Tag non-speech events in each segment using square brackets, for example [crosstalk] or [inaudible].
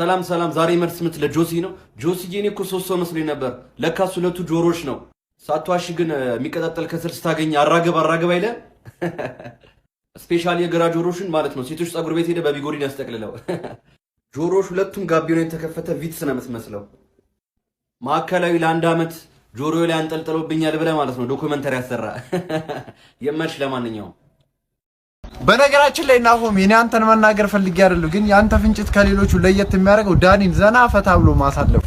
ሰላም ሰላም፣ ዛሬ መልስ ምት ለጆሲ ነው። ጆሲዬ፣ እኔ እኮ ሶስት ሰው መስሎኝ ነበር፣ ለካስ ሁለቱ ጆሮች ነው። ሳቷሽ ግን የሚቀጣጠል ከስር ስታገኝ አራገብ አራገብ አይለ [laughs] ስፔሻል የግራ ጆሮሽን ማለት ነው። ሴቶች ፀጉር ቤት ሄደ በቢጎሪን ያስጠቅልለው [laughs] ጆሮሽ ሁለቱም ጋቢውን የተከፈተ ቪትስ ነው የምትመስለው። ማዕከላዊ ለአንድ ዓመት ጆሮ ላይ አንጠልጥሎብኛል ብለ ማለት ነው ዶኩመንተሪ ያሰራ [laughs] የመርሽ ለማንኛውም በነገራችን ላይ ናሆም እኔ አንተን መናገር ፈልጌ አይደለሁ፣ ግን የአንተ ፍንጭት ከሌሎቹ ለየት የሚያደርገው ዳኒን ዘና ፈታ ብሎ ማሳለፉ።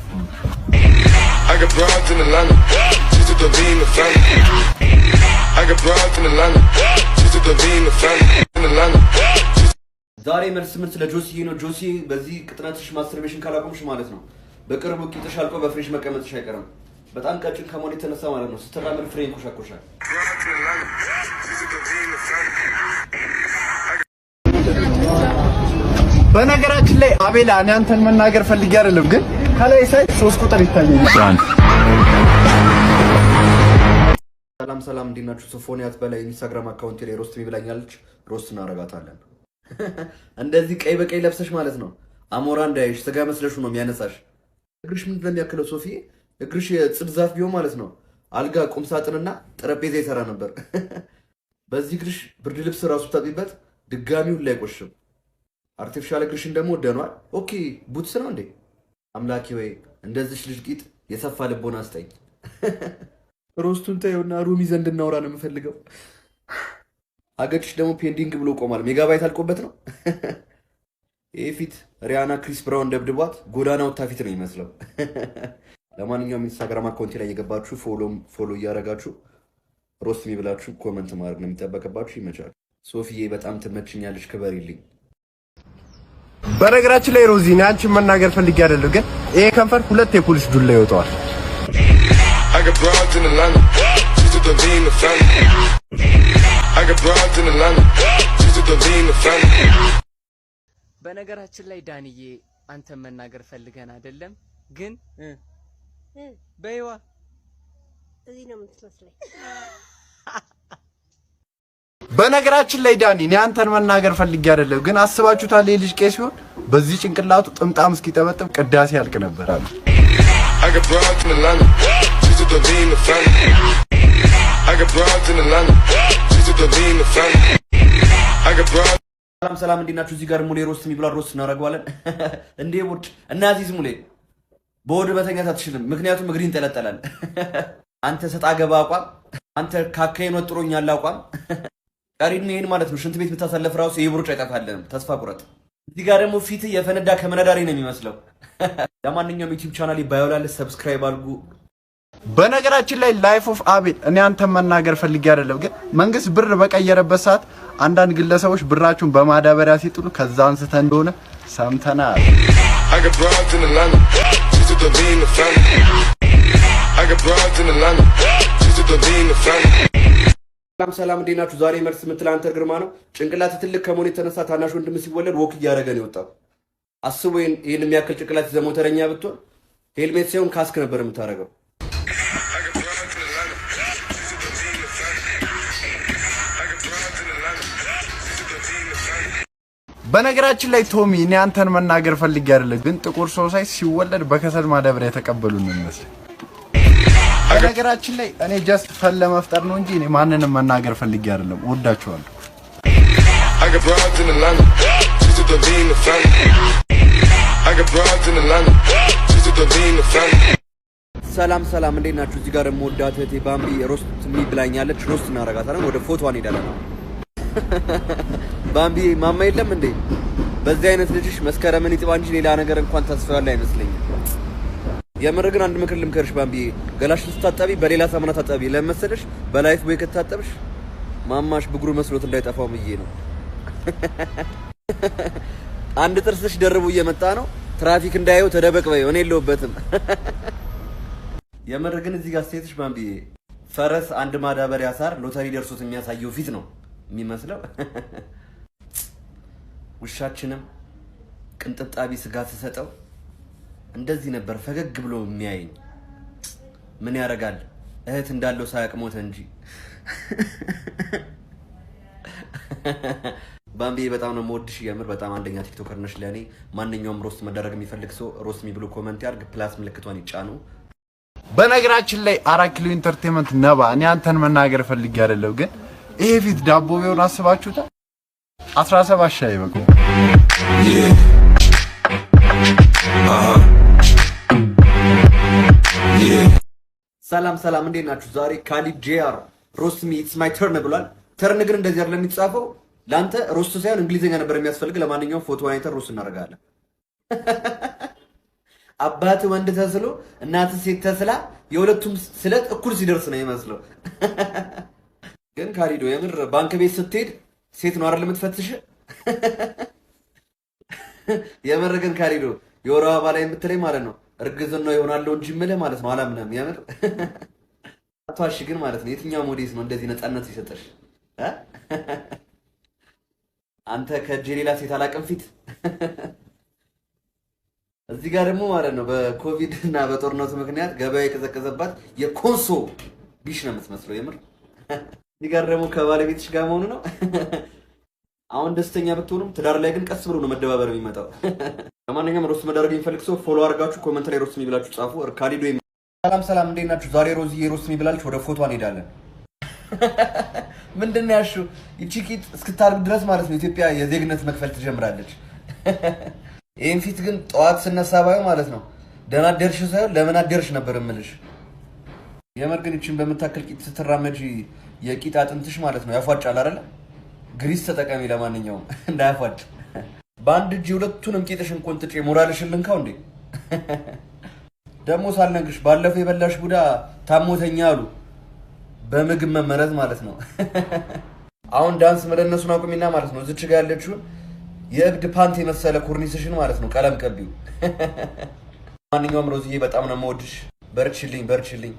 ዛሬ መልስ ምን ስለ ነው። ጆሲ በዚህ ቅጥነትሽ ማስተርቤሽን ካላቆምሽ ማለት ነው በቅርቡ ቂጥሽ አልቆ በፍሬሽ መቀመጥሽ አይቀርም። በጣም ቀጭን ከመሆን የተነሳ ማለት ነው ስትራምር ፍሬ ይንኮሻኮሻል። በነገራችን ላይ አቤላ እኔ አንተን መናገር ፈልጌ አይደለም፣ ግን ከላይ ሳይ ሶስት ቁጥር ይታየኛል። ሰላም ሰላም፣ እንዴት ናችሁ? ሶፎንያት በላይ ኢንስታግራም አካውንት ላይ ሮስት ብላኛለች። ሮስት እናረጋታለን። [laughs] እንደዚህ ቀይ በቀይ ለብሰሽ ማለት ነው። አሞራ እንዳይሽ ስጋ መስለሽ ነው የሚያነሳሽ። እግርሽ ምን ነው ሶፊ እግርሽ የጽድ ዛፍ ቢሆን ማለት ነው አልጋ ቁምሳጥንና ጠረጴዛ ይሰራ ነበር። [laughs] በዚህ እግርሽ ብርድ ልብስ ራሱ ታጥቢበት ድጋሚውን ላይ ቆሽም አርቲፊሻል እግርሽን ደግሞ ደኗል። ኦኬ ቡትስ ነው እንዴ? አምላኬ ወይ እንደዚች ልጅ ቂጥ የሰፋ ልቦን አስጠኝ። ሮስቱን ተይውና ሩም ይዘን እንድናወራ ነው የምፈልገው። አገጭሽ ደግሞ ፔንዲንግ ብሎ ቆማል። ሜጋባይት አልቆበት ነው ይህ ፊት። ሪያና ክሪስ ብራውን ደብድቧት ጎዳና ወታ ፊት ነው ይመስለው። ለማንኛውም ኢንስታግራም አካውንቴ ላይ የገባችሁ ፎሎ እያደረጋችሁ ሮስት የሚብላችሁ ኮመንት ማድረግ ነው የሚጠበቅባችሁ። ይመቻል። ሶፊዬ በጣም ትመችኛለች፣ ክበሪልኝ። በነገራችን ላይ ሮዚ፣ እኔ አንቺን መናገር ፈልጌ አይደለም፣ ግን ይሄ ከንፈር ሁለት የፖሊስ ዱላ ይወጣዋል። በነገራችን ላይ ዳንዬ፣ አንተን መናገር ፈልገን አይደለም፣ ግን በይዋ እዚህ ነው የምትመስለኝ በነገራችን ላይ ዳኒ እኔ አንተን መናገር ፈልጌ አይደለም፣ ግን አስባችሁታል? ይሄ ልጅ ቄስ ሲሆን በዚህ ጭንቅላቱ ጥምጣም እስኪጠበጥብ ቅዳሴ ያልቅ ነበር አሉ። ሰላም ሰላም፣ እንዴት ናችሁ? እዚህ ጋር ሙሌ ሮስት የሚብላ ሮስት እናደርገዋለን። [laughs] እንዴ ውድ እናዚዝ ሙሌ በወድ በተኛት አትችልም፣ ምክንያቱም እግሪ እንጠለጠላል። [laughs] አንተ ሰጣ ገባ አቋም፣ አንተ ካካዬን ወጥሮኛል አቋም [laughs] ያሬድን ይሄን ማለት ነው። ሽንት ቤት ብታሳለፍ ራሱ ይሄ ብሩጭ አይጠፋልንም። ተስፋ ቁረጥ። እዚህ ጋር ደግሞ ፊት የፈነዳ ከመነዳሪ ነው የሚመስለው። [laughs] ለማንኛውም ዩቲዩብ ቻናል ባዮላለ ሰብስክራይብ አድርጉ። በነገራችን ላይ ላይፍ ኦፍ አቤል እኔ አንተን መናገር ፈልጌ አይደለም፣ ግን መንግስት ብር በቀየረበት ሰዓት አንዳንድ ግለሰቦች ብራችሁን በማዳበሪያ ሲጥሉ ከዛ አንስተ እንደሆነ ሰምተናል። I got broads in Atlanta. ሰላም ሰላም፣ እንዴት ናችሁ? ዛሬ መርስ የምትላንተ ግርማ ነው። ጭንቅላት ትልቅ ከመሆን የተነሳ ታናሽ ወንድም ሲወለድ ወክ እያደረገ ነው የወጣው። አስቡ፣ ይህን የሚያክል ጭንቅላት ይዘህ ሞተረኛ ብትሆን ሄልሜት ሳይሆን ካስክ ነበር የምታደርገው። በነገራችን ላይ ቶሚ፣ እኔ አንተን መናገር ፈልጌ አይደለም፣ ግን ጥቁር ሰው ሳይ ሲወለድ በከሰል ማዳበሪያ የተቀበሉን ይመስል በነገራችን ላይ እኔ ጀስት ፈን ለመፍጠር ነው እንጂ እኔ ማንንም መናገር ፈልጌ አይደለም። ወዳችኋለሁ። ሰላም ሰላም፣ እንዴት ናችሁ? እዚህ ጋር የምወዳት ወዳት እህቴ ባምቢ ሮስት ብላኛለች። ሮስት እናደርጋታለን። ወደ ፎቶ እንሄዳለን። [laughs] ባምቢ ማማ የለም እንዴ? በዚህ አይነት ልጅሽ መስከረምን ይጥባ እንጂ ሌላ ነገር እንኳን ተስፋ ያለ አይመስለኝም። የምር ግን አንድ ምክር ልምከርሽ ባምቢ፣ ገላሽ ስታጠቢ በሌላ ሳሙና ታጠቢ ለመሰለሽ በላይፍ ቦይ ከታጠብሽ ማማሽ ብጉር መስሎት እንዳይጠፋው ብዬ ነው። አንድ ጥርስሽ ደርቡ እየመጣ ነው። ትራፊክ እንዳየው ተደበቅ በይው፣ እኔ የለሁበትም። የምር ግን እዚህ ጋር ሴትሽ ባምቢ፣ ፈረስ አንድ ማዳበሪያ ሳር ሎተሪ ደርሶት የሚያሳየው ፊት ነው የሚመስለው። ውሻችንም ቅንጥብጣቢ ስጋ ስሰጠው እንደዚህ ነበር ፈገግ ብሎ የሚያየኝ። ምን ያደርጋል እህት እንዳለው ሳያውቅ ሞተ እንጂ። ባምቢ በጣም ነው የምወድሽ፣ የምር በጣም አንደኛ ቲክቶከር ነሽ ለእኔ። ማንኛውም ሮስት መደረግ የሚፈልግ ሰው ሮስት የሚብሉ ኮመንት ያርግ፣ ፕላስ ምልክቷን ይጫኑ። በነገራችን ላይ አራት ኪሎ ኢንተርቴንመንት ነባ፣ እኔ አንተን መናገር ፈልጌ አይደለሁ፣ ግን ይሄ ፊት ዳቦ ቢሆን አስባችሁታል? 17 ሺህ አይበቁም። ሰላም ሰላም፣ እንዴት ናችሁ? ዛሬ ካሊድ ጄአር ሮስት ሚ ኢትስ ማይ ተርን ብሏል። ተርን ግን እንደዚህ አይደለም የሚጻፈው። ለአንተ ሮስት ሳይሆን እንግሊዝኛ ነበር የሚያስፈልግ። ለማንኛውም ፎቶ አይተን ሮስት እናደርጋለን። [laughs] አባት ወንድ ተስሎ እናት ሴት ተስላ የሁለቱም ስለት እኩል ሲደርስ ነው ይመስለው። [laughs] ግን ካሊዶ የምር ባንክ ቤት ስትሄድ ሴት ነው አይደል የምትፈትሽ? [laughs] የምር ግን ካሊዶ የወር አበባ ላይ የምትለኝ ማለት ነው እርግዝና ይሆናለው እንጂ የምልህ ማለት ነው አላምንም። የምር አቷሽ ግን ማለት ነው የትኛው ሞዴስ ነው እንደዚህ ነፃነት ሲሰጥሽ? አንተ ከእጄ ሌላ ሴት አላቅም ፊት እዚህ ጋር ደግሞ ማለት ነው በኮቪድ እና በጦርነቱ ምክንያት ገበያ የቀዘቀዘባት የኮንሶ ቢሽ ነው የምትመስለው። የምር እዚህ ጋር ደግሞ ከባለቤትሽ ጋር መሆኑ ነው አሁን ደስተኛ ብትሆኑም ትዳር ላይ ግን ቀስ ብሎ ነው መደባበር የሚመጣው። [laughs] ለማንኛውም ሮስት መዳረግ የሚፈልግ ሰው ፎሎ አድርጋችሁ ኮመንት ላይ ሮስት የሚብላችሁ ጻፉ። እርካሊዶ ሰላም ሰላም፣ እንዴት ናችሁ? ዛሬ ሮዝዬ የሮስት የሚብላለች ወደ ፎቶ እንሄዳለን። [laughs] ምንድን ነው ያሹ? ይቺ ቂጥ እስክታርግ ድረስ ማለት ነው ኢትዮጵያ የዜግነት መክፈል ትጀምራለች። [laughs] ይህን ፊት ግን ጠዋት ስነሳ ማለት ነው ደህና ደርሽ ሳይሆን ለምን አደርሽ ነበር የምልሽ። የምር ግን በምታክል ቂጥ ስትራመጂ የቂጥ አጥንትሽ ማለት ነው ያፏጫል አይደለም ግሪስ ተጠቃሚ ለማንኛውም [laughs] እንዳያፋድ በአንድ እጅ ሁለቱንም ቂጥሽን ቆንጥጭ ሞራልሽን ልንካው እንዴ? [laughs] ደግሞ ሳልነግርሽ ባለፈው የበላሽ ቡዳ ታሞተኛ አሉ። በምግብ መመረት ማለት ነው። [laughs] አሁን ዳንስ መደነሱን አቁሚና ማለት ነው። እዚች ጋ ያለችውን የእብድ ፓንት የመሰለ ኮርኒስሽን ማለት ነው ቀለም ቀቢው። ማንኛውም ሮዝዬ በጣም ነው የምወድሽ። በርችልኝ በርችልኝ።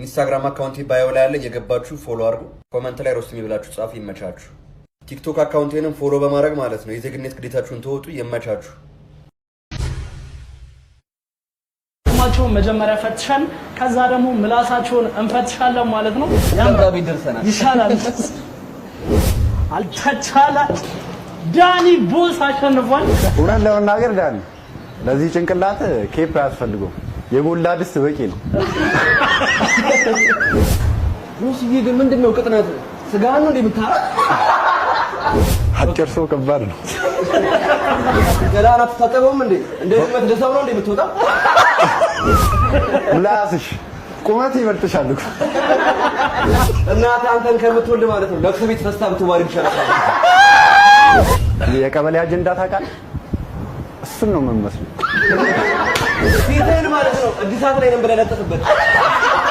ኢንስታግራም አካውንቴ ባዮ ላይ ያለ የገባችሁ ፎሎ አድርጉ። ኮመንት ላይ ሮስት የሚብላችሁ ጻፍ ይመቻችሁ። ቲክቶክ አካውንቴንም ፎሎ በማድረግ ማለት ነው የዜግነት ግዴታችሁን ተወጡ። የማይቻችሁ ቸውን መጀመሪያ ፈትሸን ከዛ ደግሞ ምላሳቸውን እንፈትሻለን ማለት ነው። ያንጋቢ ደርሰናል። ይሻላል አልተቻለ ዳኒ ቦስ አሸንፏል። እውነት ለመናገር ዳኒ ለዚህ ጭንቅላት ኬፕ አያስፈልገውም። የጎላ ድስት በቂ ነው። ቦስዬ ግን ምንድነው ቅጥነት ስጋ ነው አጭር ሰው ከባድ ነው። ገላን አትታጠበውም እንዴ? እንደ ሰው ነው የምትወጣው? ምላስሽ ቁመት ይበልጥሻል እኮ እናት አንተን ከምትወልድ ማለት ነው። ለቅሶ ቤት ፈስታ ብትዋሪ ይሻላል። የቀበሌ አጀንዳ ታውቃለህ? እሱን ነው የምመስለው ፊትህን ማለት ነው። እድሳት ላይ ነበር ያለጠፍበት